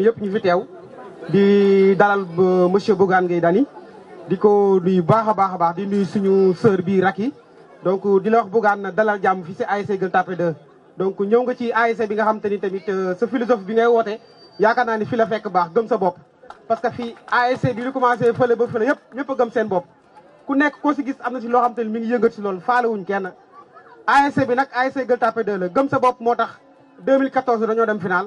kilifaam yëpp ñu fi teew di dalal monsieur Bougane Gueye Dany di ko nuyu baax a baax a baax di nuyu suñu sœur bi Racky donc di la wax Bougane na dalal jàmm fii si ASC Gueule Tapée 2 donc ñëw nga ci ASC bi nga xam te ni tamit euh, sa philosophe bi ngay woote yaakaar naa ni fi la fekk baax gëm sa bopp parce que fii ASC bi lu commencé fële ba fële yëpp ñëpp a seen bopp ku nekk koo si gis am na si loo xam te ni mi ngi yëngat si loolu faalewuñ kenn ASC bi nag ASC Gueule Tapée 2 la gëm sa bopp moo tax 2014 dañoo dem final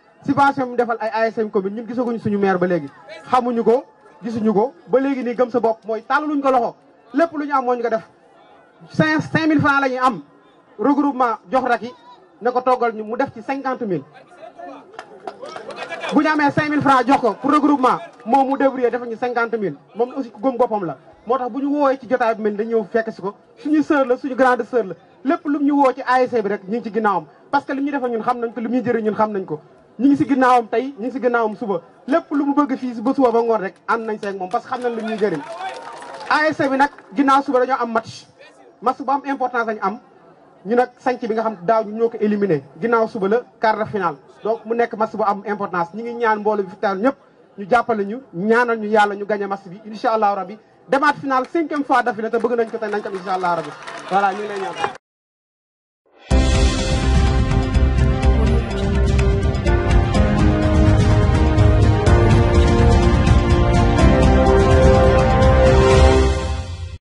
situation mu defal ay ASM commune ñun gisaguñ suñu maire ba légui xamuñu ko gisuñu ko ba légui ni gëm sa bok moy taluñ ko loxo lepp luñu am moñ nga def 5000 francs lañu am regroupement jox raki nako togal ñu mu def ci 50000 bu ñame 5000 francs jox ko pour regroupement mom mu débrouiller def ñu 50000 mom aussi ku gëm bopam la motax buñu wowe ci jotaay bu mel dañu fekk ci ko suñu sœur la suñu grande sœur la lepp luñu wo ci ASM rek ñu ci ginaawam parce que limu defal ñun xam nañ ko limu jëre ñun xam nañ ko ñi ngi si ginnaawam tey ñi ngi si ginnaawam suba lépp lu mu bëgg fii ba suba ba ngoon rek am nañ seeg moom parce que xam nañ lu ñuy jëriñ ASC bi nag ginnaaw suba dañoo am match match bu am importance lañ am ñu nag sanc bi nga xam daaw ñu ñoo ko éliminé ginnaaw suba la quart final donc mu nekk match bu am importance ñi ngi ñaan mboolo bi fi teel ñëpp ñu jàppale ñu ñaanal ñu yàlla ñu gagné match bi incha allah rabbi demaat final cinquième fois dafi la te bëgg nañ ko tey nañ ko incha allah rabbi voilà ñu ngi lay ñaan